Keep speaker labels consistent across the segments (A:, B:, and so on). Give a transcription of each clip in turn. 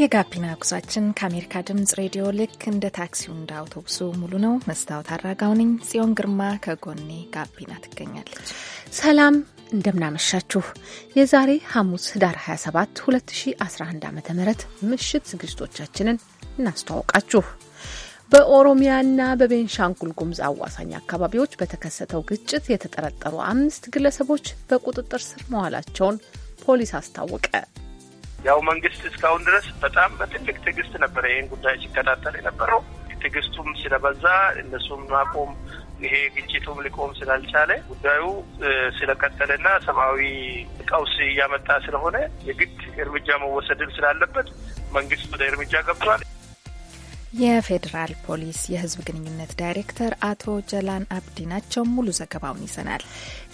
A: የጋቢና ጉዟችን ከአሜሪካ ድምጽ ሬዲዮ ልክ እንደ ታክሲው እንደ አውቶቡሱ ሙሉ ነው። መስታወት አራጋው ነኝ። ጽዮን ግርማ ከጎኔ ጋቢና ትገኛለች። ሰላም
B: እንደምናመሻችሁ የዛሬ ሐሙስ ህዳር 27 2011 ዓ ም ምሽት ዝግጅቶቻችንን እናስተዋውቃችሁ። በኦሮሚያና በቤንሻንጉል ጉምዝ አዋሳኝ አካባቢዎች በተከሰተው ግጭት የተጠረጠሩ አምስት ግለሰቦች በቁጥጥር ስር መዋላቸውን ፖሊስ አስታወቀ።
C: ያው መንግስት እስካሁን ድረስ በጣም በትልቅ ትዕግስት ነበረ ይህን ጉዳይ ሲከታተል የነበረው። ትዕግስቱም ስለበዛ እነሱም ማቆም ይሄ ግጭቱም ሊቆም ስላልቻለ ጉዳዩ ስለቀጠለና ሰብአዊ ቀውስ እያመጣ ስለሆነ የግድ እርምጃ መወሰድም ስላለበት መንግስት ወደ እርምጃ ገብቷል።
A: የፌዴራል ፖሊስ የህዝብ ግንኙነት
B: ዳይሬክተር አቶ ጀላን አብዲ ናቸው። ሙሉ ዘገባውን ይዘናል።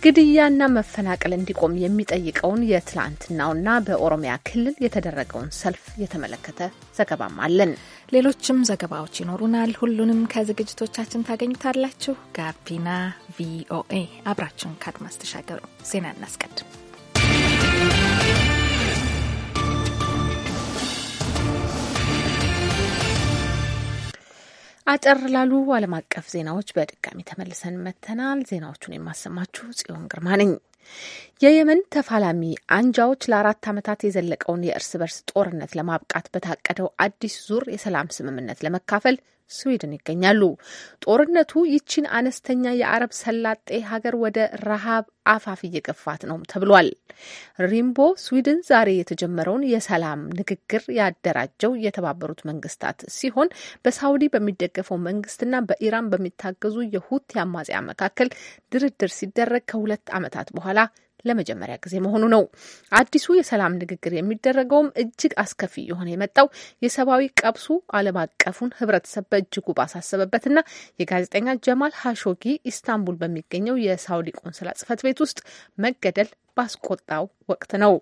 B: ግድያና መፈናቀል እንዲቆም የሚጠይቀውን የትላንትናውና በኦሮሚያ ክልል የተደረገውን ሰልፍ የተመለከተ ዘገባም አለን። ሌሎችም ዘገባዎች ይኖሩናል። ሁሉንም ከዝግጅቶቻችን
A: ታገኙታላችሁ። ጋቢና ቪኦኤ አብራችሁን ካድማስ ተሻገሩ። ዜና እናስቀድም።
B: አጠር ላሉ ዓለም አቀፍ ዜናዎች በድጋሚ ተመልሰን መጥተናል። ዜናዎቹን የማሰማችሁ ጽዮን ግርማ ነኝ። የየመን ተፋላሚ አንጃዎች ለአራት ዓመታት የዘለቀውን የእርስ በርስ ጦርነት ለማብቃት በታቀደው አዲስ ዙር የሰላም ስምምነት ለመካፈል ስዊድን ይገኛሉ። ጦርነቱ ይችን አነስተኛ የአረብ ሰላጤ ሀገር ወደ ረሃብ አፋፍ እየገፋት ነው ተብሏል። ሪምቦ ስዊድን ዛሬ የተጀመረውን የሰላም ንግግር ያደራጀው የተባበሩት መንግስታት ሲሆን በሳውዲ በሚደገፈው መንግስትና በኢራን በሚታገዙ የሁቲ አማጽያ መካከል ድርድር ሲደረግ ከሁለት ዓመታት በኋላ ለመጀመሪያ ጊዜ መሆኑ ነው። አዲሱ የሰላም ንግግር የሚደረገውም እጅግ አስከፊ የሆነ የመጣው የሰብአዊ ቀብሱ ዓለም አቀፉን ሕብረተሰብ በእጅጉ ባሳሰበበትና የጋዜጠኛ ጀማል ሀሾጊ ኢስታንቡል በሚገኘው የሳውዲ ቆንስላ ጽፈት ቤት ውስጥ መገደል ባስቆጣው ወቅት ነው።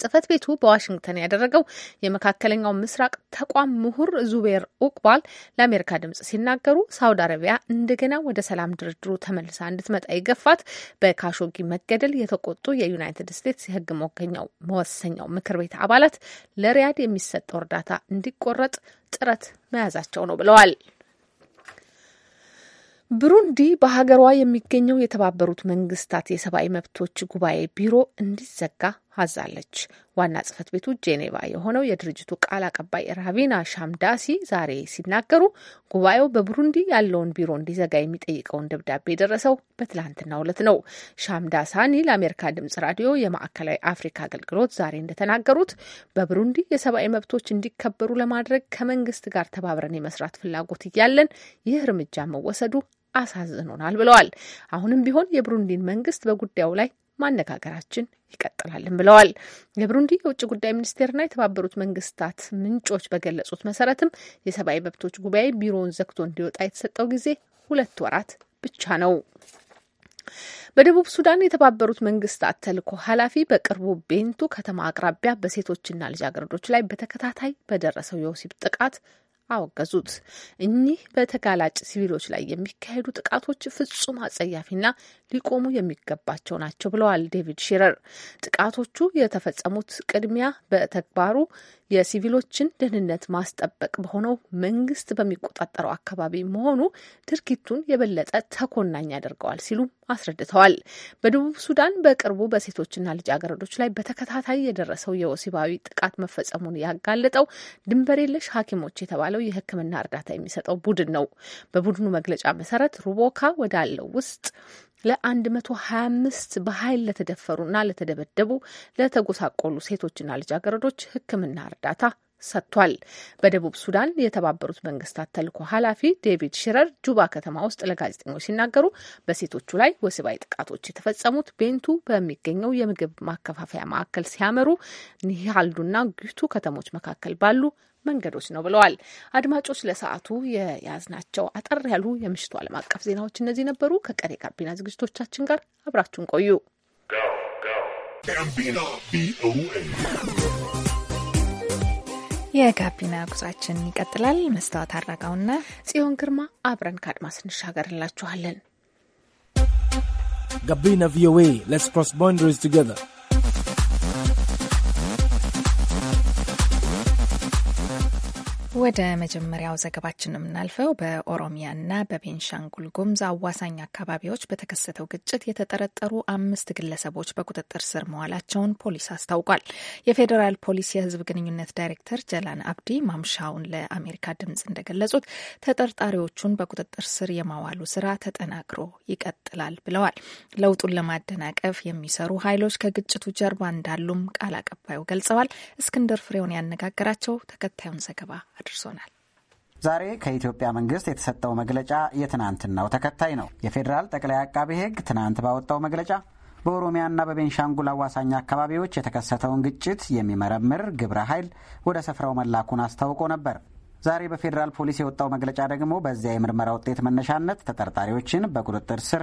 B: ጽህፈት ቤቱ በዋሽንግተን ያደረገው የመካከለኛው ምስራቅ ተቋም ምሁር ዙቤር ኡቅባል ለአሜሪካ ድምጽ ሲናገሩ ሳውዲ አረቢያ እንደገና ወደ ሰላም ድርድሩ ተመልሳ እንድትመጣ ይገፋት በካሾጊ መገደል የተቆጡ የዩናይትድ ስቴትስ የህግ መወገኛው መወሰኛው ምክር ቤት አባላት ለሪያድ የሚሰጠው እርዳታ እንዲቆረጥ ጥረት መያዛቸው ነው ብለዋል። ብሩንዲ በሀገሯ የሚገኘው የተባበሩት መንግስታት የሰብአዊ መብቶች ጉባኤ ቢሮ እንዲዘጋ አዛለች። ዋና ጽህፈት ቤቱ ጄኔቫ የሆነው የድርጅቱ ቃል አቀባይ ራቪና ሻምዳሲ ዛሬ ሲናገሩ ጉባኤው በቡሩንዲ ያለውን ቢሮ እንዲዘጋ የሚጠይቀውን ደብዳቤ የደረሰው በትላንትናው ዕለት ነው። ሻምዳሳኒ ለአሜሪካ ድምጽ ራዲዮ የማዕከላዊ አፍሪካ አገልግሎት ዛሬ እንደተናገሩት በቡሩንዲ የሰብአዊ መብቶች እንዲከበሩ ለማድረግ ከመንግስት ጋር ተባብረን የመስራት ፍላጎት እያለን ይህ እርምጃ መወሰዱ አሳዝኖናል ብለዋል። አሁንም ቢሆን የቡሩንዲን መንግስት በጉዳዩ ላይ ማነጋገራችን ይቀጥላልን ብለዋል። የብሩንዲ የውጭ ጉዳይ ሚኒስቴርና የተባበሩት መንግስታት ምንጮች በገለጹት መሰረትም የሰብአዊ መብቶች ጉባኤ ቢሮውን ዘግቶ እንዲወጣ የተሰጠው ጊዜ ሁለት ወራት ብቻ ነው። በደቡብ ሱዳን የተባበሩት መንግስታት ተልኮ ኃላፊ በቅርቡ ቤንቱ ከተማ አቅራቢያ በሴቶችና ልጃገረዶች ላይ በተከታታይ በደረሰው የወሲብ ጥቃት አወገዙት። እኚህ በተጋላጭ ሲቪሎች ላይ የሚካሄዱ ጥቃቶች ፍጹም አጸያፊና ሊቆሙ የሚገባቸው ናቸው ብለዋል ዴቪድ ሺረር። ጥቃቶቹ የተፈጸሙት ቅድሚያ በተግባሩ የሲቪሎችን ደህንነት ማስጠበቅ በሆነው መንግስት በሚቆጣጠረው አካባቢ መሆኑ ድርጊቱን የበለጠ ተኮናኝ ያደርገዋል ሲሉ አስረድተዋል። በደቡብ ሱዳን በቅርቡ በሴቶችና ልጃገረዶች ላይ በተከታታይ የደረሰው የወሲባዊ ጥቃት መፈጸሙን ያጋለጠው ድንበር የለሽ ሐኪሞች የተባለው ያለው የሕክምና እርዳታ የሚሰጠው ቡድን ነው። በቡድኑ መግለጫ መሰረት ሩቦካ ወዳለው ውስጥ ለ125 በኃይል ለተደፈሩና ለተደበደቡ ለተጎሳቆሉ ሴቶችና ልጃገረዶች ሕክምና እርዳታ ሰጥቷል። በደቡብ ሱዳን የተባበሩት መንግስታት ተልዕኮ ኃላፊ ዴቪድ ሽረር ጁባ ከተማ ውስጥ ለጋዜጠኞች ሲናገሩ በሴቶቹ ላይ ወሲባዊ ጥቃቶች የተፈጸሙት ቤንቱ በሚገኘው የምግብ ማከፋፈያ ማዕከል ሲያመሩ ኒሃልዱና ጊቱ ከተሞች መካከል ባሉ መንገዶች ነው ብለዋል። አድማጮች፣ ለሰዓቱ የያዝናቸው አጠር ያሉ የምሽቱ ዓለም አቀፍ ዜናዎች እነዚህ ነበሩ። ከቀሪ ጋቢና ዝግጅቶቻችን ጋር አብራችሁን ቆዩ።
A: የጋቢና ጉዟችን ይቀጥላል። መስታወት አራጋውና ጽዮን ግርማ አብረን ከአድማ
B: ስንሻገርላችኋለን።
A: ጋቢና ቪኦኤ ሌትስ ክሮስ ባውንደሪስ ቱጌዘር ወደ መጀመሪያው ዘገባችን የምናልፈው በኦሮሚያና በቤንሻንጉል ጉሙዝ አዋሳኝ አካባቢዎች በተከሰተው ግጭት የተጠረጠሩ አምስት ግለሰቦች በቁጥጥር ስር መዋላቸውን ፖሊስ አስታውቋል። የፌዴራል ፖሊስ የሕዝብ ግንኙነት ዳይሬክተር ጀላን አብዲ ማምሻውን ለአሜሪካ ድምጽ እንደገለጹት ተጠርጣሪዎቹን በቁጥጥር ስር የማዋሉ ስራ ተጠናክሮ ይቀጥላል ብለዋል። ለውጡን ለማደናቀፍ የሚሰሩ ኃይሎች ከግጭቱ ጀርባ እንዳሉም ቃል አቀባዩ ገልጸዋል። እስክንድር ፍሬውን ያነጋገራቸው ተከታዩን ዘገባ አድርሶናል።
D: ዛሬ ከኢትዮጵያ መንግስት የተሰጠው መግለጫ የትናንትናው ተከታይ ነው። የፌዴራል ጠቅላይ አቃቤ ሕግ ትናንት ባወጣው መግለጫ በኦሮሚያና በቤንሻንጉል አዋሳኝ አካባቢዎች የተከሰተውን ግጭት የሚመረምር ግብረ ኃይል ወደ ስፍራው መላኩን አስታውቆ ነበር። ዛሬ በፌዴራል ፖሊስ የወጣው መግለጫ ደግሞ በዚያ የምርመራ ውጤት መነሻነት ተጠርጣሪዎችን በቁጥጥር ስር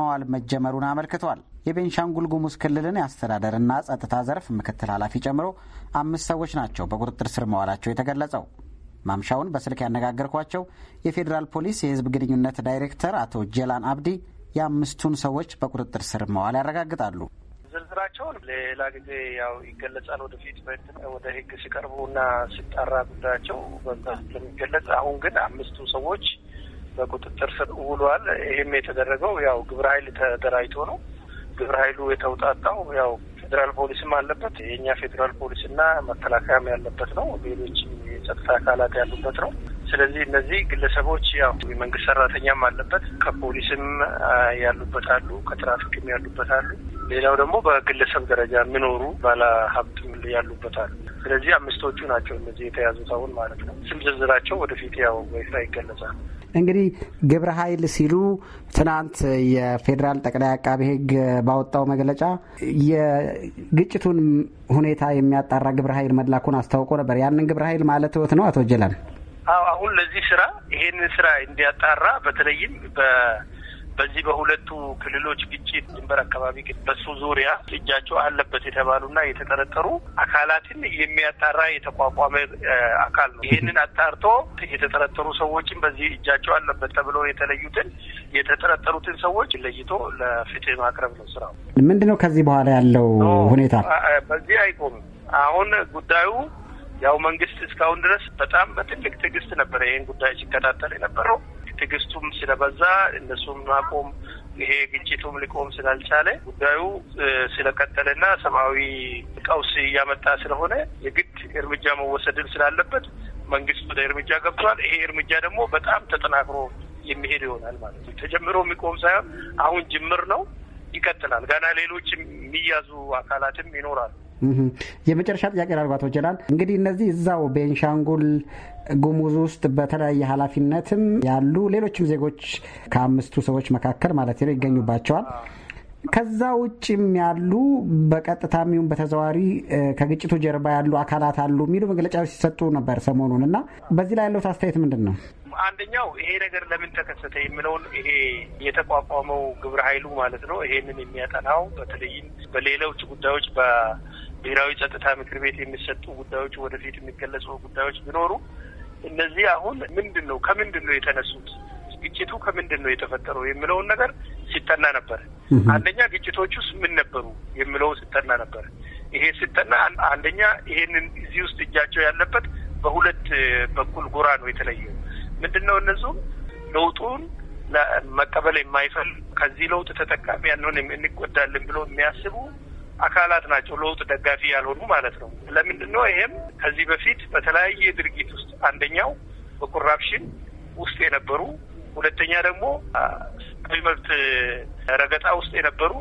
D: መዋል መጀመሩን አመልክቷል። የቤንሻንጉል ጉሙዝ ክልልን የአስተዳደርና ጸጥታ ዘርፍ ምክትል ኃላፊ ጨምሮ አምስት ሰዎች ናቸው በቁጥጥር ስር መዋላቸው የተገለጸው። ማምሻውን በስልክ ያነጋገርኳቸው የፌዴራል ፖሊስ የህዝብ ግንኙነት ዳይሬክተር አቶ ጀላን አብዲ የአምስቱን ሰዎች በቁጥጥር ስር መዋል ያረጋግጣሉ።
C: ዝርዝራቸውን ሌላ ጊዜ ያው ይገለጻል። ወደፊት ወደ ህግ ሲቀርቡ እና ሲጣራ ጉዳያቸው ስለሚገለጽ፣ አሁን ግን አምስቱ ሰዎች በቁጥጥር ስር ውሏል። ይህም የተደረገው ያው ግብረ ኃይል ተደራጅቶ ነው። ግብረ ኃይሉ የተውጣጣው ያው ፌዴራል ፖሊስም አለበት የእኛ ፌዴራል ፖሊስና መከላከያም ያለበት ነው። ሌሎችም የጸጥታ አካላት ያሉበት ነው። ስለዚህ እነዚህ ግለሰቦች ያው የመንግስት ሰራተኛም አለበት፣ ከፖሊስም ያሉበት አሉ፣ ከትራፊክም ያሉበት አሉ። ሌላው ደግሞ በግለሰብ ደረጃ የሚኖሩ ባለ ሀብትም ያሉበት አሉ። ስለዚህ አምስቶቹ ናቸው እነዚህ የተያዙት አሁን ማለት ነው። ስም ዝርዝራቸው ወደፊት ያው በይፋ ይገለጻል።
D: እንግዲህ ግብረ ኃይል ሲሉ ትናንት የፌዴራል ጠቅላይ አቃቢ ሕግ ባወጣው መግለጫ የግጭቱን ሁኔታ የሚያጣራ ግብረ ኃይል መላኩን አስታውቆ ነበር። ያንን ግብረ ኃይል ማለት ወት ነው አቶ ጀላል
C: አሁን ለዚህ ስራ ይሄንን ስራ እንዲያጣራ በተለይም በዚህ በሁለቱ ክልሎች ግጭት ድንበር አካባቢ በሱ ዙሪያ እጃቸው አለበት የተባሉና የተጠረጠሩ አካላትን የሚያጣራ የተቋቋመ አካል ነው። ይህንን አጣርቶ የተጠረጠሩ ሰዎችን በዚህ እጃቸው አለበት ተብሎ የተለዩትን የተጠረጠሩትን ሰዎች ለይቶ ለፍትህ ማቅረብ ነው ስራው።
D: ምንድን ነው ከዚህ በኋላ ያለው ሁኔታ? በዚህ አይቆምም። አሁን ጉዳዩ ያው መንግስት እስካሁን
C: ድረስ በጣም በትልቅ ትዕግስት ነበረ ይህን ጉዳይ ሲከታተል የነበረው ትዕግስቱም ስለበዛ እነሱም ማቆም ይሄ ግጭቱም ሊቆም ስላልቻለ ጉዳዩ ስለቀጠለና ሰብአዊ ቀውስ እያመጣ ስለሆነ የግድ እርምጃ መወሰድን ስላለበት መንግስት ወደ እርምጃ ገብቷል። ይሄ እርምጃ ደግሞ በጣም ተጠናክሮ የሚሄድ ይሆናል ማለት ነው። ተጀምሮ የሚቆም ሳይሆን አሁን ጅምር ነው፣ ይቀጥላል። ገና ሌሎች የሚያዙ አካላትም ይኖራሉ።
D: የመጨረሻ ጥያቄ ላርጓቶ ይችላል። እንግዲህ እነዚህ እዛው ቤንሻንጉል ጉሙዝ ውስጥ በተለያየ ኃላፊነትም ያሉ ሌሎችም ዜጎች ከአምስቱ ሰዎች መካከል ማለት ነው ይገኙባቸዋል። ከዛ ውጭም ያሉ በቀጥታ ይሁን በተዘዋዋሪ ከግጭቱ ጀርባ ያሉ አካላት አሉ የሚሉ መግለጫዎች ሲሰጡ ነበር ሰሞኑን እና በዚህ ላይ ያለው አስተያየት ምንድን ነው?
C: አንደኛው ይሄ ነገር ለምን ተከሰተ የሚለውን ይሄ የተቋቋመው ግብረ ኃይሉ ማለት ነው ይሄንን የሚያጠናው በተለይም በሌሎች ጉዳዮች ብሔራዊ ጸጥታ ምክር ቤት የሚሰጡ ጉዳዮች፣ ወደፊት የሚገለጹ ጉዳዮች ቢኖሩ እነዚህ አሁን ምንድን ነው ከምንድን ነው የተነሱት ግጭቱ ከምንድን ነው የተፈጠረው የሚለውን ነገር ሲጠና ነበር። አንደኛ ግጭቶች ውስጥ ምን ነበሩ የሚለው ሲጠና ነበር። ይሄ ሲጠና አንደኛ ይሄንን እዚህ ውስጥ እጃቸው ያለበት በሁለት በኩል ጎራ ነው የተለየው። ምንድን ነው እነሱም ለውጡን መቀበል የማይፈልግ ከዚህ ለውጥ ተጠቃሚ ያንሆን እንጎዳለን ብሎ የሚያስቡ አካላት ናቸው፣ ለውጥ ደጋፊ ያልሆኑ ማለት ነው። ለምንድን ነው ይሄም ከዚህ በፊት በተለያየ ድርጊት ውስጥ አንደኛው በኮራፕሽን ውስጥ የነበሩ ሁለተኛ ደግሞ ሰብአዊ መብት ረገጣ ውስጥ የነበሩ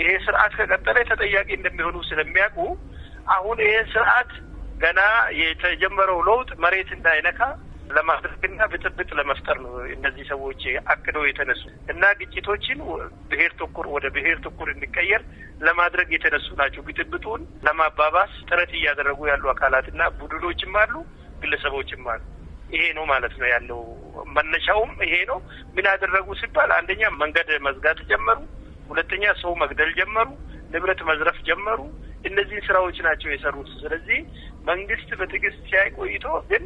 C: ይሄ ስርዓት ከቀጠለ ተጠያቂ እንደሚሆኑ ስለሚያውቁ አሁን ይሄ ስርዓት ገና የተጀመረው ለውጥ መሬት እንዳይነካ ለማድረግና ብጥብጥ ለመፍጠር ነው እነዚህ ሰዎች አቅደው የተነሱ እና ግጭቶችን ብሔር ተኮር ወደ ብሔር ተኮር እንዲቀየር ለማድረግ የተነሱ ናቸው። ብጥብጡን ለማባባስ ጥረት እያደረጉ ያሉ አካላትና ቡድኖችም አሉ፣ ግለሰቦችም አሉ። ይሄ ነው ማለት ነው ያለው። መነሻውም ይሄ ነው። ምን ያደረጉ ሲባል አንደኛ መንገድ መዝጋት ጀመሩ፣ ሁለተኛ ሰው መግደል ጀመሩ፣ ንብረት መዝረፍ ጀመሩ። እነዚህን ስራዎች ናቸው የሰሩት። ስለዚህ መንግስት በትዕግስት ሲያይ ቆይቶ ግን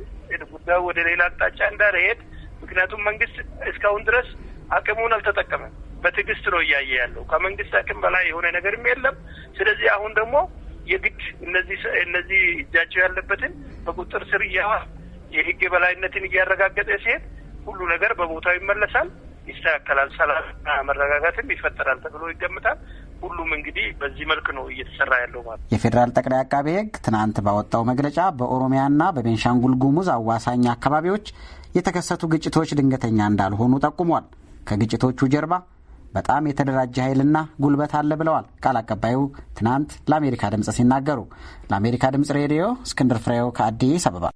C: ጉዳዩ ወደ ሌላ አቅጣጫ እንዳልሄድ ምክንያቱም መንግስት እስካሁን ድረስ አቅሙን አልተጠቀመም። በትዕግስት ነው እያየ ያለው። ከመንግስት አቅም በላይ የሆነ ነገርም የለም። ስለዚህ አሁን ደግሞ የግድ እነዚህ እነዚህ እጃቸው ያለበትን በቁጥር ስር እያ የህግ የበላይነትን እያረጋገጠ ሲሄድ ሁሉ ነገር በቦታው ይመለሳል፣ ይስተካከላል፣ ሰላምና መረጋጋትም ይፈጠራል ተብሎ ይገምታል። ሁሉም እንግዲህ በዚህ መልክ ነው እየተሰራ ያለው ማለት።
D: የፌዴራል ጠቅላይ አቃቤ ሕግ ትናንት ባወጣው መግለጫ በኦሮሚያና በቤንሻንጉል ጉሙዝ አዋሳኝ አካባቢዎች የተከሰቱ ግጭቶች ድንገተኛ እንዳልሆኑ ጠቁሟል። ከግጭቶቹ ጀርባ በጣም የተደራጀ ኃይልና ጉልበት አለ ብለዋል ቃል አቀባዩ ትናንት ለአሜሪካ ድምፅ ሲናገሩ። ለአሜሪካ ድምፅ ሬዲዮ እስክንድር ፍሬው ከአዲስ አበባ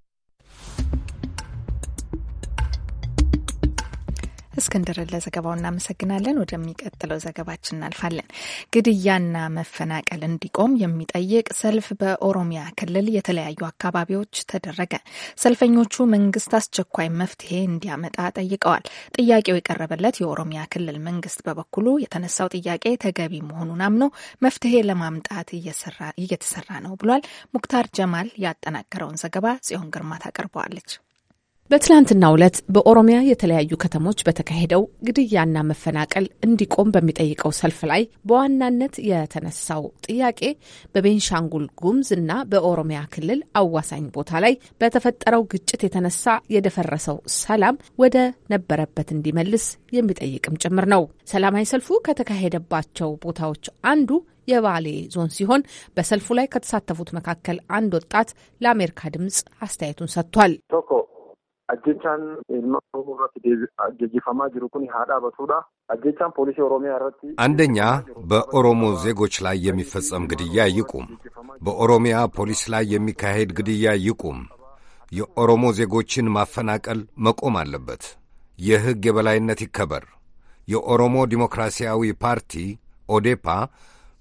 A: እስክንድርን ለዘገባው እናመሰግናለን። ወደሚቀጥለው ዘገባችን እናልፋለን። ግድያና መፈናቀል እንዲቆም የሚጠይቅ ሰልፍ በኦሮሚያ ክልል የተለያዩ አካባቢዎች ተደረገ። ሰልፈኞቹ መንግስት አስቸኳይ መፍትሄ እንዲያመጣ ጠይቀዋል። ጥያቄው የቀረበለት የኦሮሚያ ክልል መንግስት በበኩሉ የተነሳው ጥያቄ ተገቢ መሆኑን አምኖ መፍትሄ ለማምጣት እየተሰራ ነው ብሏል። ሙክታር ጀማል ያጠናቀረውን ዘገባ ጽዮን
B: ግርማ ታቀርበዋለች። በትላንትና ዕለት በኦሮሚያ የተለያዩ ከተሞች በተካሄደው ግድያና መፈናቀል እንዲቆም በሚጠይቀው ሰልፍ ላይ በዋናነት የተነሳው ጥያቄ በቤንሻንጉል ጉምዝ እና በኦሮሚያ ክልል አዋሳኝ ቦታ ላይ በተፈጠረው ግጭት የተነሳ የደፈረሰው ሰላም ወደ ነበረበት እንዲመልስ የሚጠይቅም ጭምር ነው። ሰላማዊ ሰልፉ ከተካሄደባቸው ቦታዎች አንዱ የባሌ ዞን ሲሆን በሰልፉ ላይ ከተሳተፉት መካከል አንድ ወጣት ለአሜሪካ ድምጽ አስተያየቱን ሰጥቷል።
C: Ajjechaan ilma irratti ጀጅፋማ ጅሩ ኩን ሀዳ በቱዳ አጀቻን ፖሊሲ ኦሮሚያ ረት
E: አንደኛ በኦሮሞ ዜጎች ላይ የሚፈጸም ግድያ ይቁም። በኦሮሚያ ፖሊስ ላይ የሚካሄድ ግድያ ይቁም። የኦሮሞ ዜጎችን ማፈናቀል መቆም አለበት። የሕግ የበላይነት ይከበር። የኦሮሞ ዲሞክራሲያዊ ፓርቲ ኦዴፓ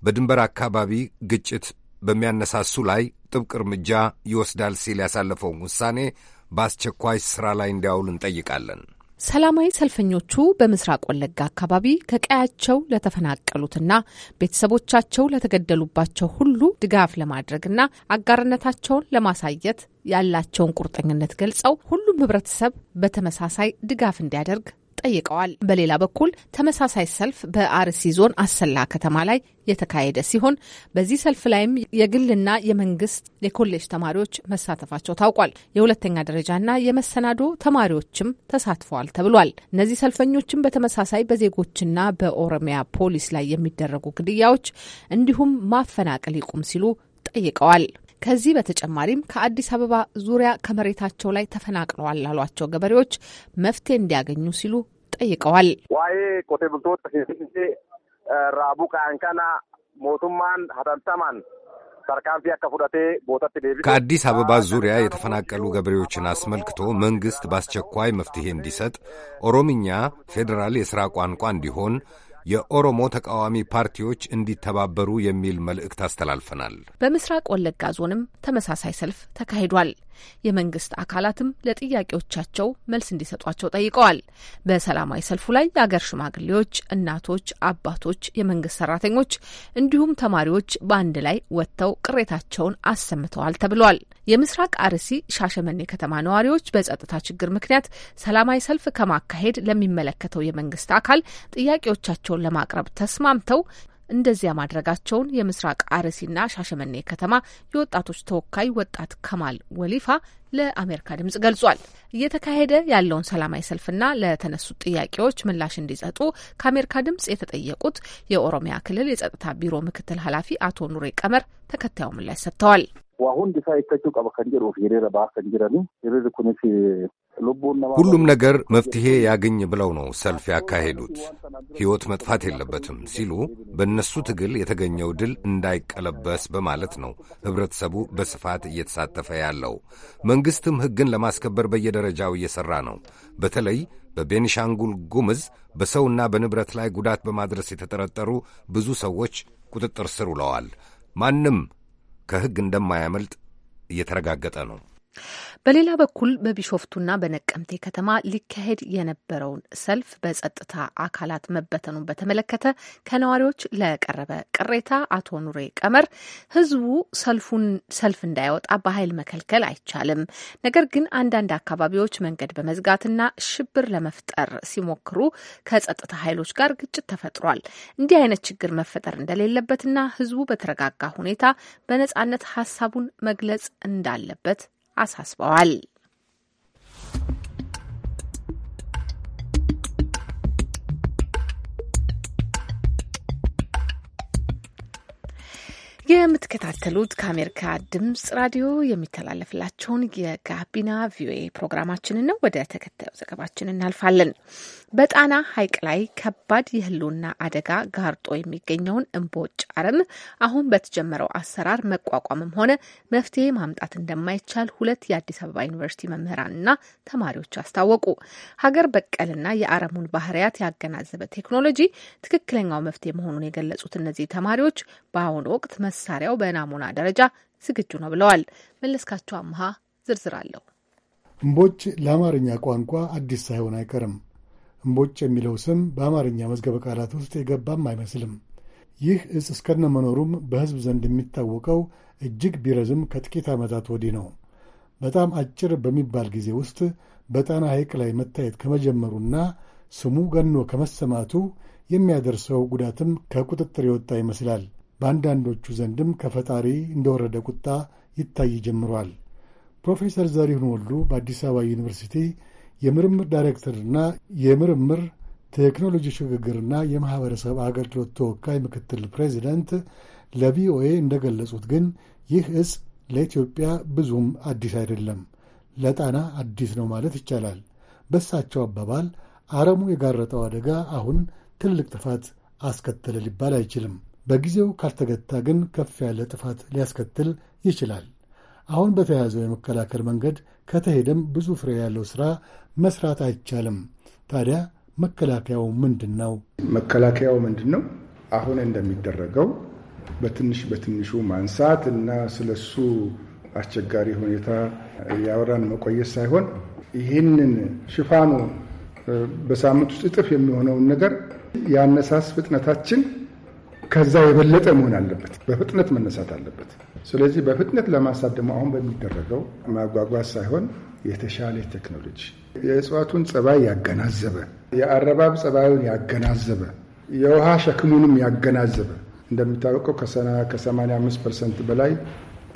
E: በድንበር አካባቢ ግጭት በሚያነሳሱ ላይ ጥብቅ እርምጃ ይወስዳል ሲል ያሳለፈውን ውሳኔ በአስቸኳይ ስራ ላይ እንዲያውል እንጠይቃለን።
B: ሰላማዊ ሰልፈኞቹ በምስራቅ ወለጋ አካባቢ ከቀያቸው ለተፈናቀሉትና ቤተሰቦቻቸው ለተገደሉባቸው ሁሉ ድጋፍ ለማድረግና አጋርነታቸውን ለማሳየት ያላቸውን ቁርጠኝነት ገልጸው ሁሉም ህብረተሰብ በተመሳሳይ ድጋፍ እንዲያደርግ ጠይቀዋል። በሌላ በኩል ተመሳሳይ ሰልፍ በአርሲ ዞን አሰላ ከተማ ላይ የተካሄደ ሲሆን በዚህ ሰልፍ ላይም የግልና የመንግስት የኮሌጅ ተማሪዎች መሳተፋቸው ታውቋል። የሁለተኛ ደረጃና የመሰናዶ ተማሪዎችም ተሳትፈዋል ተብሏል። እነዚህ ሰልፈኞችም በተመሳሳይ በዜጎችና በኦሮሚያ ፖሊስ ላይ የሚደረጉ ግድያዎች እንዲሁም ማፈናቀል ይቁም ሲሉ ጠይቀዋል። ከዚህ በተጨማሪም ከአዲስ አበባ ዙሪያ ከመሬታቸው ላይ ተፈናቅለዋል ላሏቸው ገበሬዎች መፍትሄ እንዲያገኙ ሲሉ ጠይቀዋል።
C: ከአዲስ
E: አበባ ዙሪያ የተፈናቀሉ ገበሬዎችን አስመልክቶ መንግሥት በአስቸኳይ መፍትሄ እንዲሰጥ፣ ኦሮምኛ ፌዴራል የሥራ ቋንቋ እንዲሆን የኦሮሞ ተቃዋሚ ፓርቲዎች እንዲተባበሩ የሚል መልእክት አስተላልፈናል።
B: በምስራቅ ወለጋ ዞንም ተመሳሳይ ሰልፍ ተካሂዷል። የመንግስት አካላትም ለጥያቄዎቻቸው መልስ እንዲሰጧቸው ጠይቀዋል። በሰላማዊ ሰልፉ ላይ የአገር ሽማግሌዎች፣ እናቶች፣ አባቶች፣ የመንግስት ሰራተኞች እንዲሁም ተማሪዎች በአንድ ላይ ወጥተው ቅሬታቸውን አሰምተዋል ተብሏል። የምስራቅ አርሲ ሻሸመኔ ከተማ ነዋሪዎች በጸጥታ ችግር ምክንያት ሰላማዊ ሰልፍ ከማካሄድ ለሚመለከተው የመንግስት አካል ጥያቄዎቻቸውን ለማቅረብ ተስማምተው እንደዚያ ማድረጋቸውን የምስራቅ አርሲና ሻሸመኔ ከተማ የወጣቶች ተወካይ ወጣት ከማል ወሊፋ ለአሜሪካ ድምጽ ገልጿል። እየተካሄደ ያለውን ሰላማዊ ሰልፍና ለተነሱት ጥያቄዎች ምላሽ እንዲሰጡ ከአሜሪካ ድምጽ የተጠየቁት የኦሮሚያ ክልል የጸጥታ ቢሮ ምክትል ኃላፊ አቶ ኑሬ ቀመር ተከታዩ ምላሽ ሰጥተዋል። waa
F: hundi isaa qaba kan jedhuuf hiriira kan jiranii hiriirri kunis eh, lubbuun namaa ሁሉም ነገር
E: መፍትሄ ያገኝ ብለው ነው ሰልፍ ያካሄዱት። ሕይወት መጥፋት የለበትም ሲሉ በእነሱ ትግል የተገኘው ድል እንዳይቀለበስ በማለት ነው ኅብረተሰቡ በስፋት እየተሳተፈ ያለው። መንግሥትም ሕግን ለማስከበር በየደረጃው እየሠራ ነው። በተለይ በቤኒሻንጉል ጉምዝ በሰውና በንብረት ላይ ጉዳት በማድረስ የተጠረጠሩ ብዙ ሰዎች ቁጥጥር ስር ውለዋል። ማንም ከሕግ እንደማያመልጥ እየተረጋገጠ ነው።
B: በሌላ በኩል በቢሾፍቱና በነቀምቴ ከተማ ሊካሄድ የነበረውን ሰልፍ በጸጥታ አካላት መበተኑን በተመለከተ ከነዋሪዎች ለቀረበ ቅሬታ አቶ ኑሬ ቀመር ሕዝቡ ሰልፉን ሰልፍ እንዳይወጣ በኃይል መከልከል አይቻልም፣ ነገር ግን አንዳንድ አካባቢዎች መንገድ በመዝጋትና ሽብር ለመፍጠር ሲሞክሩ ከጸጥታ ኃይሎች ጋር ግጭት ተፈጥሯል። እንዲህ አይነት ችግር መፈጠር እንደሌለበትና ሕዝቡ በተረጋጋ ሁኔታ በነጻነት ሀሳቡን መግለጽ እንዳለበት አሳስበዋል። የምትከታተሉት ከአሜሪካ ድምጽ ራዲዮ የሚተላለፍላቸውን የጋቢና ቪኦኤ ፕሮግራማችንን ነው። ወደ ተከታዩ ዘገባችን እናልፋለን። በጣና ሐይቅ ላይ ከባድ የህልውና አደጋ ጋርጦ የሚገኘውን እምቦጭ አረም አሁን በተጀመረው አሰራር መቋቋምም ሆነ መፍትሄ ማምጣት እንደማይቻል ሁለት የአዲስ አበባ ዩኒቨርሲቲ መምህራንና ተማሪዎች አስታወቁ። ሀገር በቀልና የአረሙን ባህሪያት ያገናዘበ ቴክኖሎጂ ትክክለኛው መፍትሄ መሆኑን የገለጹት እነዚህ ተማሪዎች በአሁኑ ወቅት መሳሪያው በናሙና ደረጃ ዝግጁ ነው ብለዋል። መለስካቸው አምሃ ዝርዝር አለው።
G: እምቦጭ ለአማርኛ ቋንቋ አዲስ ሳይሆን አይቀርም። እምቦጭ የሚለው ስም በአማርኛ መዝገበ ቃላት ውስጥ የገባም አይመስልም። ይህ እጽ መኖሩም በሕዝብ ዘንድ የሚታወቀው እጅግ ቢረዝም ከጥቂት ዓመታት ወዲህ ነው። በጣም አጭር በሚባል ጊዜ ውስጥ በጣና ሐይቅ ላይ መታየት ከመጀመሩና ስሙ ገኖ ከመሰማቱ የሚያደርሰው ጉዳትም ከቁጥጥር የወጣ ይመስላል። በአንዳንዶቹ ዘንድም ከፈጣሪ እንደወረደ ቁጣ ይታይ ጀምሯል። ፕሮፌሰር ዘሪሁን ወሉ በአዲስ አበባ ዩኒቨርሲቲ የምርምር ዳይሬክተርና የምርምር ቴክኖሎጂ ሽግግርና የማኅበረሰብ አገልግሎት ተወካይ ምክትል ፕሬዚደንት ለቪኦኤ እንደገለጹት ግን ይህ እጽ ለኢትዮጵያ ብዙም አዲስ አይደለም፣ ለጣና አዲስ ነው ማለት ይቻላል። በሳቸው አባባል አረሙ የጋረጠው አደጋ አሁን ትልቅ ጥፋት አስከተለ ሊባል አይችልም። በጊዜው ካልተገታ ግን ከፍ ያለ ጥፋት ሊያስከትል ይችላል። አሁን በተያዘው የመከላከል መንገድ ከተሄደም ብዙ ፍሬ ያለው ሥራ መስራት አይቻልም። ታዲያ መከላከያው ምንድን ነው?
F: መከላከያው ምንድን ነው? አሁን እንደሚደረገው በትንሽ በትንሹ ማንሳት እና ስለሱ አስቸጋሪ ሁኔታ ያወራን መቆየት ሳይሆን ይህንን ሽፋኑ በሳምንት ውስጥ እጥፍ የሚሆነውን ነገር የአነሳስ ፍጥነታችን ከዛ የበለጠ መሆን አለበት፣ በፍጥነት መነሳት አለበት። ስለዚህ በፍጥነት ለማንሳት ደግሞ አሁን በሚደረገው ማጓጓዝ ሳይሆን የተሻለ ቴክኖሎጂ የእጽዋቱን ጸባይ ያገናዘበ፣ የአረባብ ጸባዩን ያገናዘበ፣ የውሃ ሸክሙንም ያገናዘበ እንደሚታወቀው ከ85 ፐርሰንት በላይ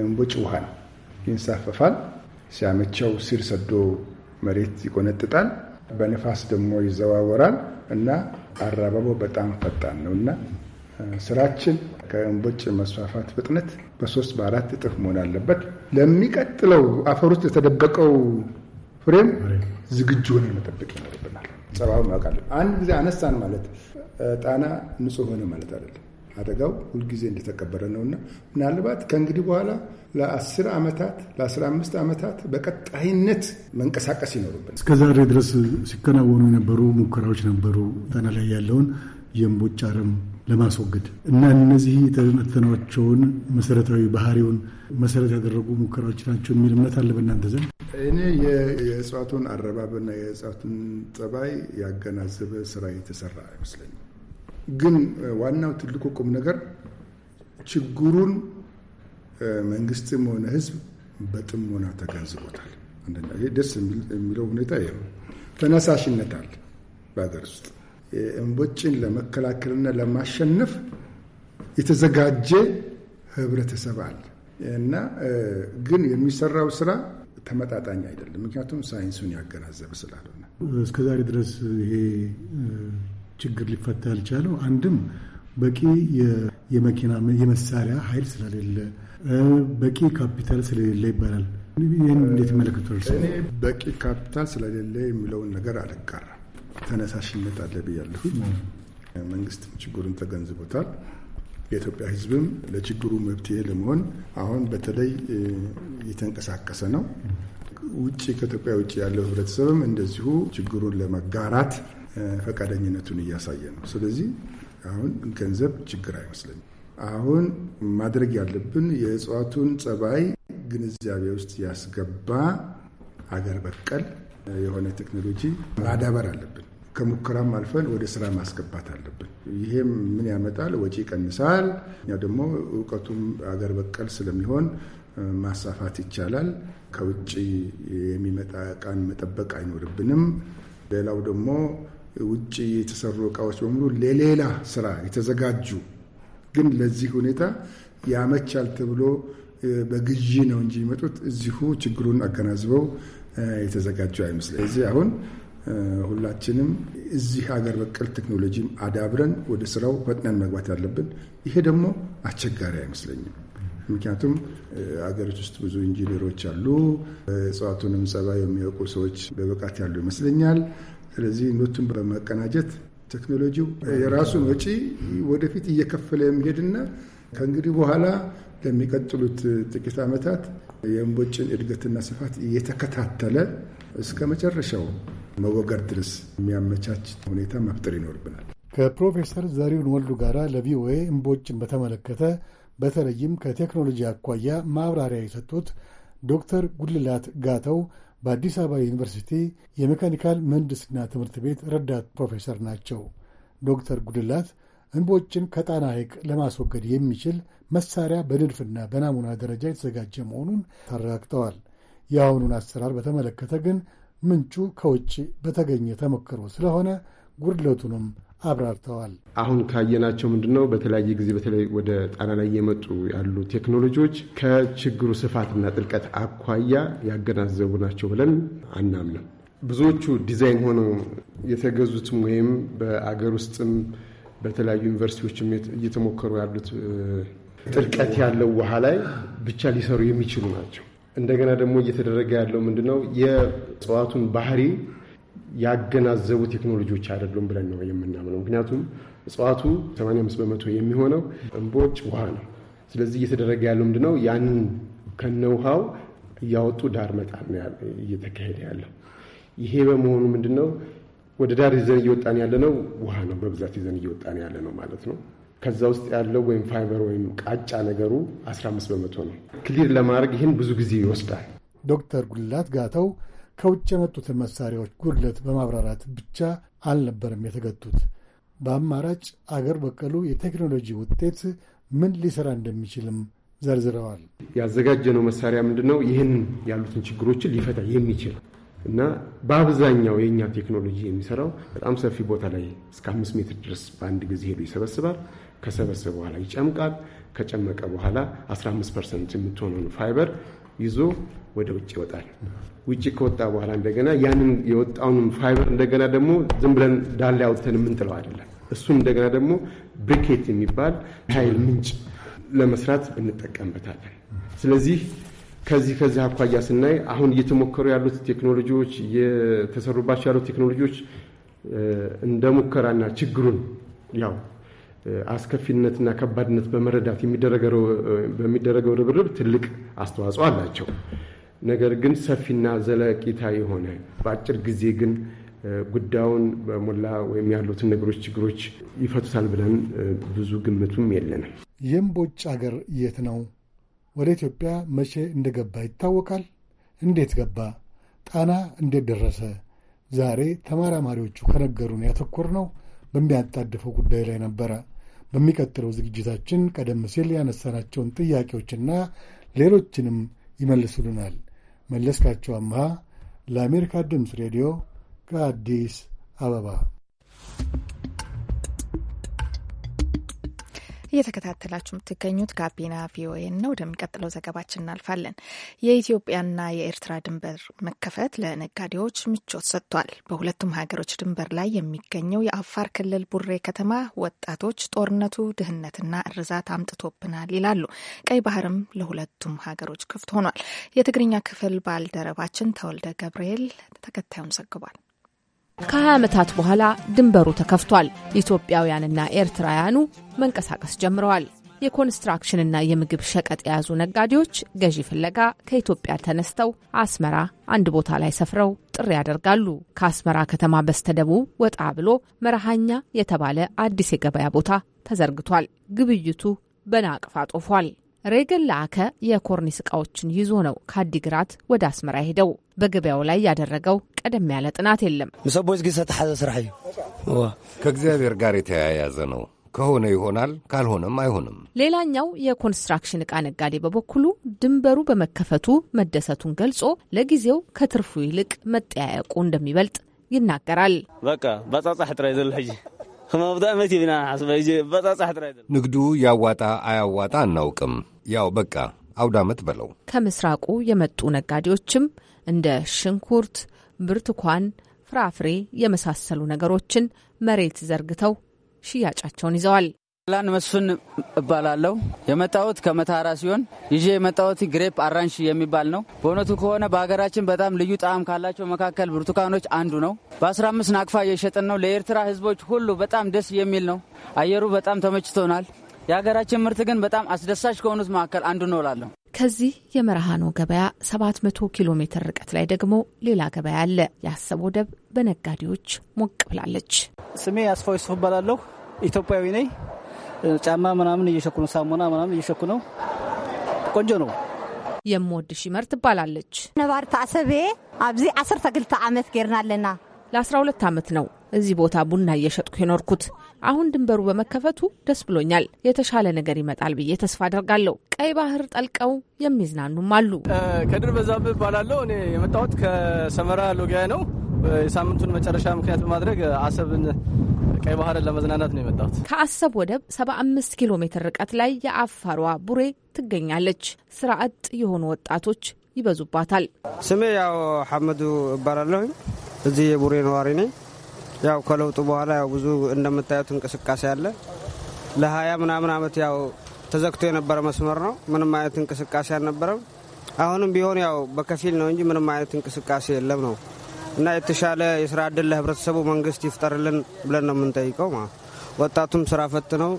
F: እንቦጭ ውሃ ነው። ይንሳፈፋል፣ ሲያመቸው ስር ሰዶ መሬት ይቆነጥጣል፣ በንፋስ ደግሞ ይዘዋወራል እና አራባቦ በጣም ፈጣን ነው እና ስራችን ከእንቦጭ መስፋፋት ፍጥነት በሶስት በአራት እጥፍ መሆን አለበት። ለሚቀጥለው አፈር ውስጥ የተደበቀው ፍሬም ዝግጁ ሆነ መጠበቅ ይኖርብናል። ጸባውን ያውቃል። አንድ ጊዜ አነሳን ማለት ጣና ንጹህ ሆነ ማለት አይደለም። አደጋው ሁልጊዜ እንደተቀበረ ነውና ምናልባት ከእንግዲህ በኋላ ለአስር ዓመታት ለአስራ አምስት ዓመታት በቀጣይነት መንቀሳቀስ ይኖርብን።
G: እስከ ዛሬ ድረስ ሲከናወኑ የነበሩ ሙከራዎች ነበሩ። ጣና ላይ ያለውን የእምቦጭ አረም ለማስወገድ እና እነዚህ የተመተናቸውን መሰረታዊ ባህሪውን መሰረት ያደረጉ ሙከራዎች ናቸው የሚል እምነት አለ በእናንተ ዘንድ?
F: እኔ የእጽዋቱን አረባብና የእጽዋቱን ጠባይ ያገናዘበ ስራ የተሰራ አይመስለኝም። ግን ዋናው ትልቁ ቁም ነገር ችግሩን መንግስትም ሆነ ህዝብ በጥሞና ተገንዝቦታል። ደስ የሚለው ሁኔታ ተነሳሽነት አለ በሀገር ውስጥ እንቦጭን ለመከላከልና ለማሸነፍ የተዘጋጀ ህብረተሰብ አለ እና ግን የሚሰራው ስራ ተመጣጣኝ አይደለም። ምክንያቱም ሳይንሱን ያገናዘበ ስላልሆነ
G: እስከዛሬ ድረስ ይሄ ችግር ሊፈታ ያልቻለው አንድም በቂ የመኪና የመሳሪያ ኃይል ስለሌለ፣ በቂ ካፒታል ስለሌለ ይባላል። ይህን እንዴት ይመለከቷል?
F: በቂ ካፒታል ስለሌለ የሚለውን ነገር አልጋራም። ተነሳሽነት አለ ብያለሁኝ። መንግስትም ችግሩን ተገንዝቦታል። የኢትዮጵያ ህዝብም ለችግሩ መፍትሄ ለመሆን አሁን በተለይ እየተንቀሳቀሰ ነው። ውጭ ከኢትዮጵያ ውጭ ያለው ህብረተሰብም እንደዚሁ ችግሩን ለመጋራት ፈቃደኝነቱን እያሳየ ነው። ስለዚህ አሁን ገንዘብ ችግር አይመስለኝም። አሁን ማድረግ ያለብን የእጽዋቱን ጸባይ ግንዛቤ ውስጥ ያስገባ አገር በቀል የሆነ ቴክኖሎጂ ማዳበር አለብን። ከሙከራም አልፈን ወደ ስራ ማስገባት አለብን። ይሄም ምን ያመጣል? ወጪ ይቀንሳል። እኛ ደግሞ እውቀቱም አገር በቀል ስለሚሆን ማሳፋት ይቻላል። ከውጭ የሚመጣ እቃን መጠበቅ አይኖርብንም። ሌላው ደግሞ ውጭ የተሰሩ እቃዎች በሙሉ ለሌላ ስራ የተዘጋጁ ግን ለዚህ ሁኔታ ያመቻል ተብሎ በግዢ ነው እንጂ የሚመጡት እዚሁ ችግሩን አገናዝበው የተዘጋጁ አይመስለኝ። እዚህ አሁን ሁላችንም እዚህ ሀገር በቀል ቴክኖሎጂም አዳብረን ወደ ስራው ፈጥነን መግባት ያለብን። ይሄ ደግሞ አስቸጋሪ አይመስለኝም። ምክንያቱም አገሮች ውስጥ ብዙ ኢንጂነሮች አሉ፣ እጽዋቱንም ጸባይ የሚያውቁ ሰዎች በብቃት ያሉ ይመስለኛል። ስለዚህ ኖቱን በመቀናጀት ቴክኖሎጂው የራሱን ወጪ ወደፊት እየከፈለ የሚሄድና ከእንግዲህ በኋላ ለሚቀጥሉት ጥቂት ዓመታት የእምቦጭን እድገትና ስፋት እየተከታተለ እስከ መጨረሻው መወገድ ድረስ የሚያመቻች ሁኔታ መፍጠር
G: ይኖርብናል። ከፕሮፌሰር ዘሪሁን ወልዱ ጋር ለቪኦኤ እምቦጭን በተመለከተ በተለይም ከቴክኖሎጂ አኳያ ማብራሪያ የሰጡት ዶክተር ጉልላት ጋተው በአዲስ አበባ ዩኒቨርሲቲ የሜካኒካል ምህንድስና ትምህርት ቤት ረዳት ፕሮፌሰር ናቸው። ዶክተር ጉልላት እንቦጭን ከጣና ሐይቅ ለማስወገድ የሚችል መሳሪያ በንድፍና በናሙና ደረጃ የተዘጋጀ መሆኑን ተረጋግጠዋል። የአሁኑን አሰራር በተመለከተ ግን ምንጩ ከውጭ በተገኘ ተሞክሮ ስለሆነ ጉድለቱንም አብራርተዋል።
H: አሁን ካየናቸው ምንድነው በተለያየ ጊዜ በተለይ ወደ ጣና ላይ የመጡ ያሉ ቴክኖሎጂዎች ከችግሩ ስፋትና ጥልቀት አኳያ ያገናዘቡ ናቸው ብለን አናምንም። ብዙዎቹ ዲዛይን ሆነው የተገዙትም ወይም በአገር ውስጥም በተለያዩ ዩኒቨርሲቲዎችም እየተሞከሩ ያሉት ጥልቀት ያለው ውሃ ላይ ብቻ ሊሰሩ የሚችሉ ናቸው። እንደገና ደግሞ እየተደረገ ያለው ምንድነው የእጽዋቱን ባህሪ ያገናዘቡ ቴክኖሎጂዎች አይደሉም ብለን ነው የምናምነው። ምክንያቱም እጽዋቱ 85 በመቶ የሚሆነው እምቦጭ ውሃ ነው። ስለዚህ እየተደረገ ያለው ነው? ያንን ከነውሃው እያወጡ ዳር መጣል ነው እየተካሄደ ያለው። ይሄ በመሆኑ ምንድነው ወደ ዳር ይዘን እየወጣን ያለ ነው ውሃ ነው በብዛት ይዘን እየወጣን ያለ ነው ማለት ነው። ከዛ ውስጥ ያለው ወይም ፋይበር ወይም ቃጫ ነገሩ 15 በመቶ ነው። ክሊር ለማድረግ ይህን ብዙ ጊዜ ይወስዳል።
G: ዶክተር ጉላት ጋተው ከውጭ የመጡትን መሳሪያዎች ጉድለት በማብራራት ብቻ አልነበረም የተገቱት። በአማራጭ አገር በቀሉ የቴክኖሎጂ ውጤት ምን ሊሰራ እንደሚችልም ዘርዝረዋል።
H: ያዘጋጀነው መሳሪያ ምንድን ነው? ይህን ያሉትን ችግሮችን ሊፈታ የሚችል እና በአብዛኛው የእኛ ቴክኖሎጂ የሚሰራው በጣም ሰፊ ቦታ ላይ እስከ አምስት ሜትር ድረስ በአንድ ጊዜ ሄዶ ይሰበስባል። ከሰበሰበ በኋላ ይጨምቃል። ከጨመቀ በኋላ 15 ፐርሰንት የምትሆነውን ፋይበር ይዞ ወደ ውጭ ይወጣል። ውጭ ከወጣ በኋላ እንደገና ያንን የወጣውን ፋይበር እንደገና ደግሞ ዝም ብለን ዳላ ያውጥተን የምንጥለው አይደለም። እሱን እንደገና ደግሞ ብሪኬት የሚባል ኃይል ምንጭ ለመስራት እንጠቀምበታለን። ስለዚህ ከዚህ ከዚህ አኳያ ስናይ አሁን እየተሞከሩ ያሉት ቴክኖሎጂዎች እየተሰሩባቸው ያሉት ቴክኖሎጂዎች እንደ ሙከራና ችግሩን ያው አስከፊነትና ከባድነት በመረዳት በሚደረገው ርብርብ ትልቅ አስተዋጽኦ አላቸው። ነገር ግን ሰፊና ዘለቂታ የሆነ በአጭር ጊዜ ግን ጉዳዩን በሞላ ወይም ያሉትን ነገሮች ችግሮች ይፈቱታል ብለን ብዙ ግምቱም የለንም።
G: የእምቦጭ አገር የት ነው? ወደ ኢትዮጵያ መቼ እንደገባ ይታወቃል? እንዴት ገባ? ጣና እንዴት ደረሰ? ዛሬ ተመራማሪዎቹ ከነገሩን ያተኮር ነው በሚያጣድፈው ጉዳይ ላይ ነበረ። በሚቀጥለው ዝግጅታችን ቀደም ሲል ያነሳናቸውን ጥያቄዎችና ሌሎችንም ይመልሱልናል። መለስካቸው አምሃ ለአሜሪካ ድምፅ ሬዲዮ ከአዲስ አበባ
A: እየተከታተላችሁ የምትገኙት ጋቢና ቪኦኤ ነው። ወደሚቀጥለው ዘገባችን እናልፋለን። የኢትዮጵያና የኤርትራ ድንበር መከፈት ለነጋዴዎች ምቾት ሰጥቷል። በሁለቱም ሀገሮች ድንበር ላይ የሚገኘው የአፋር ክልል ቡሬ ከተማ ወጣቶች ጦርነቱ ድህነትና እርዛት አምጥቶብናል ይላሉ። ቀይ ባህርም ለሁለቱም ሀገሮች ክፍት ሆኗል። የትግርኛ ክፍል ባልደረባችን ተወልደ ገብርኤል ተከታዩን ዘግቧል።
B: ከ20 ዓመታት በኋላ ድንበሩ ተከፍቷል። ኢትዮጵያውያንና ኤርትራውያኑ መንቀሳቀስ ጀምረዋል። የኮንስትራክሽንና የምግብ ሸቀጥ የያዙ ነጋዴዎች ገዢ ፍለጋ ከኢትዮጵያ ተነስተው አስመራ አንድ ቦታ ላይ ሰፍረው ጥሪ ያደርጋሉ። ከአስመራ ከተማ በስተደቡብ ወጣ ብሎ መርሃኛ የተባለ አዲስ የገበያ ቦታ ተዘርግቷል። ግብይቱ በናቅፋ ጦፏል። ሬገን ለአከ የኮርኒስ ዕቃዎችን ይዞ ነው ከአዲግራት ወደ አስመራ ሄደው በገበያው ላይ ያደረገው ቀደም ያለ ጥናት የለም።
C: ምሰቦች ግን ዝተሓዘ ስራሕ
E: እዩ ከእግዚአብሔር ጋር የተያያዘ ነው። ከሆነ ይሆናል፣ ካልሆነም አይሆንም።
B: ሌላኛው የኮንስትራክሽን እቃ ነጋዴ በበኩሉ ድንበሩ በመከፈቱ መደሰቱን ገልጾ ለጊዜው ከትርፉ ይልቅ መጠያየቁ እንደሚበልጥ ይናገራል።
C: በቃ በጻጻሕ ጥራይ ዘሎ ሕጂ
E: ንግዱ ያዋጣ አያዋጣ አናውቅም። ያው በቃ አውዳመት በለው።
B: ከምስራቁ የመጡ ነጋዴዎችም እንደ ሽንኩርት፣ ብርቱካን፣ ፍራፍሬ የመሳሰሉ ነገሮችን መሬት ዘርግተው ሽያጫቸውን ይዘዋል።
D: ላን መስፍን እባላለሁ። የመጣሁት ከመታራ ሲሆን ይዤ የመጣሁት ግሬፕ አራንሽ የሚባል ነው። በእውነቱ ከሆነ በሀገራችን በጣም ልዩ ጣዕም ካላቸው መካከል ብርቱካኖች አንዱ ነው። በ15 ናቅፋ እየሸጥን ነው። ለኤርትራ ህዝቦች ሁሉ በጣም ደስ የሚል ነው። አየሩ በጣም ተመችቶናል። የሀገራችን ምርት ግን በጣም አስደሳች ከሆኑት መካከል አንዱ ነው እላለሁ።
B: ከዚህ የመርሃኖ ገበያ 700 ኪሎ ሜትር ርቀት ላይ ደግሞ ሌላ ገበያ አለ። የአሰብ ወደብ በነጋዴዎች ሞቅ ብላለች።
D: ስሜ አስፋው ይስፍ እባላለሁ። ኢትዮጵያዊ ነኝ። ጫማ ምናምን እየሸኩ ነው። ሳሙና ምናምን እየሸኩ ነው። ቆንጆ ነው።
B: የምወድ ሽመር ትባላለች። ነባር ታሰቤ ኣብዚ 12 ዓመት ጌርና ኣለና ለ12 ዓመት ነው እዚህ ቦታ ቡና እየሸጥኩ የኖርኩት። አሁን ድንበሩ በመከፈቱ ደስ ብሎኛል። የተሻለ ነገር ይመጣል ብዬ ተስፋ አደርጋለሁ። ቀይ ባህር ጠልቀው የሚዝናኑም አሉ።
C: ከድር በዛብህ እባላለሁ። እኔ የመጣሁት ከሰመራ ሎጊያ ነው። የሳምንቱን መጨረሻ ምክንያት በማድረግ አሰብን ቀይ ባህርን
D: ለመዝናናት ነው የመጣሁት።
B: ከአሰብ ወደብ 75 ኪሎ ሜትር ርቀት ላይ የአፋሯ ቡሬ ትገኛለች። ስራ አጥ የሆኑ ወጣቶች ይበዙባታል።
D: ስሜ ያው ሐመዱ እባላለሁ። እዚህ የቡሬ ነዋሪ ነኝ። ያው ከለውጡ በኋላ ያው ብዙ እንደምታዩት እንቅስቃሴ አለ። ለሀያ ምናምን ዓመት ያው ተዘግቶ የነበረ መስመር ነው። ምንም አይነት እንቅስቃሴ አልነበረም። አሁንም ቢሆን ያው በከፊል ነው እንጂ ምንም አይነት እንቅስቃሴ የለም ነው እና የተሻለ የስራ እድል ለህብረተሰቡ መንግስት ይፍጠርልን ብለን ነው የምንጠይቀው። ወጣቱም ስራ ፈት ነው፣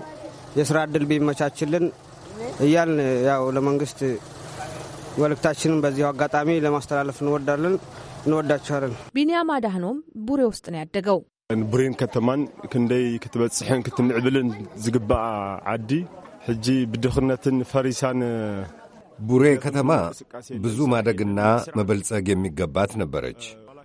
D: የስራ እድል ቢመቻችልን እያልን ያው ለመንግስት መልእክታችንን በዚሁ አጋጣሚ ለማስተላለፍ እንወዳለን። እንወዳቸዋለን።
B: ቢኒያም አዳህኖም ቡሬ ውስጥ ነው ያደገው።
H: ንቡሬን ከተማን ክንደይ
E: ክትበፅሕን ክትምዕብልን ዝግባአ ዓዲ ሕጂ ብድኽነትን ፈሪሳን ቡሬ ከተማ ብዙ ማደግና መበልጸግ የሚገባት ነበረች።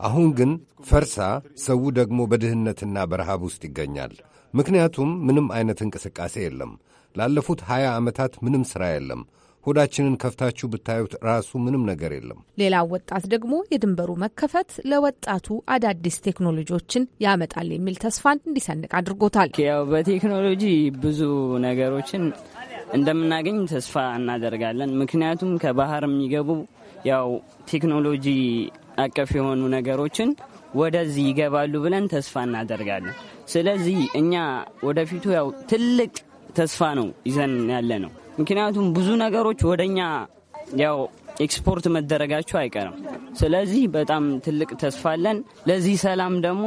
E: አሁን ግን ፈርሳ ሰው ደግሞ በድህነትና በረሃብ ውስጥ ይገኛል። ምክንያቱም ምንም አይነት እንቅስቃሴ የለም። ላለፉት ሀያ ዓመታት ምንም ሥራ የለም። ሆዳችንን ከፍታችሁ ብታዩት ራሱ ምንም ነገር የለም።
B: ሌላው ወጣት ደግሞ የድንበሩ መከፈት ለወጣቱ አዳዲስ ቴክኖሎጂዎችን ያመጣል የሚል ተስፋን እንዲሰንቅ
D: አድርጎታል። ያው በቴክኖሎጂ ብዙ ነገሮችን እንደምናገኝ ተስፋ እናደርጋለን። ምክንያቱም ከባህር የሚገቡ ያው ቴክኖሎጂ አቀፍ የሆኑ ነገሮችን ወደዚህ ይገባሉ ብለን ተስፋ እናደርጋለን። ስለዚህ እኛ ወደፊቱ ያው ትልቅ ተስፋ ነው ይዘን ያለ ነው። ምክንያቱም ብዙ ነገሮች ወደኛ ያው ኤክስፖርት መደረጋቸው አይቀርም። ስለዚህ በጣም ትልቅ ተስፋ አለን። ለዚህ ሰላም ደግሞ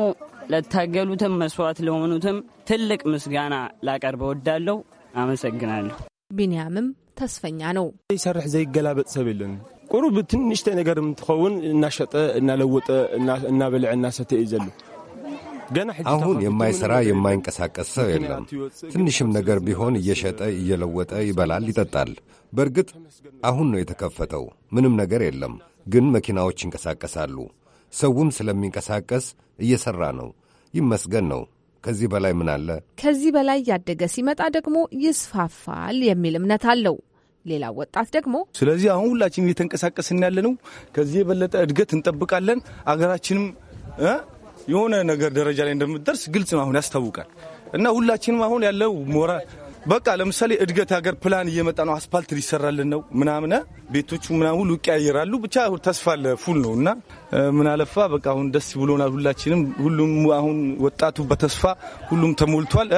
D: ለታገሉትም መስዋዕት ለሆኑትም ትልቅ ምስጋና ላቀርብ እወዳለሁ። አመሰግናለሁ።
B: ቢንያምም ተስፈኛ ነው።
D: ይሰርሕ
C: ዘይገላበጥ ሰብ የለን
D: ቁሩብ ትንሽተ ነገር ምትኸውን እናሸጠ
C: እናለወጠ እናበልዐ እናሰተ እዩ ዘሎ አሁን የማይሰራ
E: የማይንቀሳቀስ ሰው የለም። ትንሽም ነገር ቢሆን እየሸጠ እየለወጠ ይበላል፣ ይጠጣል። በእርግጥ አሁን ነው የተከፈተው፣ ምንም ነገር የለም፣ ግን መኪናዎች ይንቀሳቀሳሉ። ሰውም ስለሚንቀሳቀስ እየሠራ ነው። ይመስገን ነው። ከዚህ በላይ ምን አለ?
B: ከዚህ በላይ ያደገ ሲመጣ ደግሞ ይስፋፋል የሚል እምነት አለው። ሌላ ወጣት ደግሞ
C: ስለዚህ አሁን ሁላችንም እየተንቀሳቀስን ያለ ነው። ከዚህ የበለጠ እድገት እንጠብቃለን አገራችንም የሆነ ነገር ደረጃ ላይ እንደምትደርስ ግልጽ አሁን ያስታውቃል። እና ሁላችንም አሁን ያለው ሞራ በቃ ለምሳሌ እድገት ሀገር ፕላን እየመጣ ነው። አስፓልት ሊሰራልን ነው ምናምነ ቤቶቹ ምናምን ሁሉ ይቀያየራሉ። ብቻ ተስፋ አለ ፉል ነው እና ምን አለፋ በቃ አሁን ደስ ብሎናል። ሁላችንም ሁሉም አሁን ወጣቱ በተስፋ ሁሉም ተሞልቷል።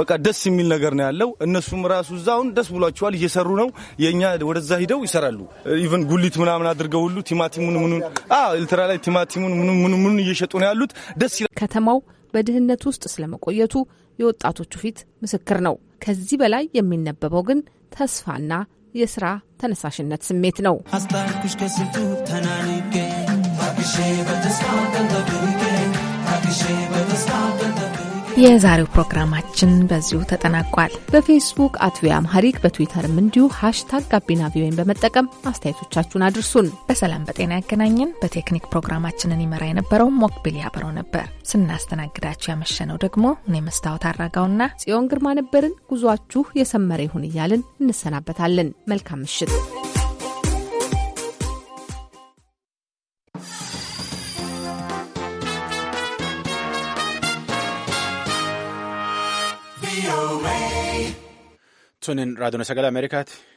C: በቃ ደስ የሚል ነገር ነው ያለው። እነሱም ራሱ አሁን ደስ ብሏቸዋል፣ እየሰሩ ነው። የእኛ ወደዛ ሂደው ይሰራሉ። ኢቨን ጉሊት ምናምን አድርገው ሁሉ ቲማቲሙን ምኑን ኤልትራ ላይ ቲማቲሙን ምኑን ምኑን እየሸጡ ነው ያሉት። ደስ ይላል።
B: ከተማው በድህነት ውስጥ ስለመቆየቱ የወጣቶቹ ፊት ምስክር ነው። ከዚህ በላይ የሚነበበው ግን ተስፋና የስራ ተነሳሽነት ስሜት ነው። የዛሬው
A: ፕሮግራማችን በዚሁ ተጠናቋል። በፌስቡክ አት ቪኦኤ አምሃሪክ በትዊተርም እንዲሁ ሃሽታግ ጋቢና ቪኦኤን በመጠቀም አስተያየቶቻችሁን አድርሱን። በሰላም በጤና ያገናኘን። በቴክኒክ ፕሮግራማችንን ይመራ የነበረው ሞክቢል ያበረው ነበር። ስናስተናግዳችሁ ያመሸነው ደግሞ እኔ መስታወት
B: አራጋውና ጽዮን ግርማ ነበርን። ጉዟችሁ የሰመረ ይሁን እያልን እንሰናበታለን። መልካም ምሽት።
D: Sunin raadiyoon sagalee Ameerikaati.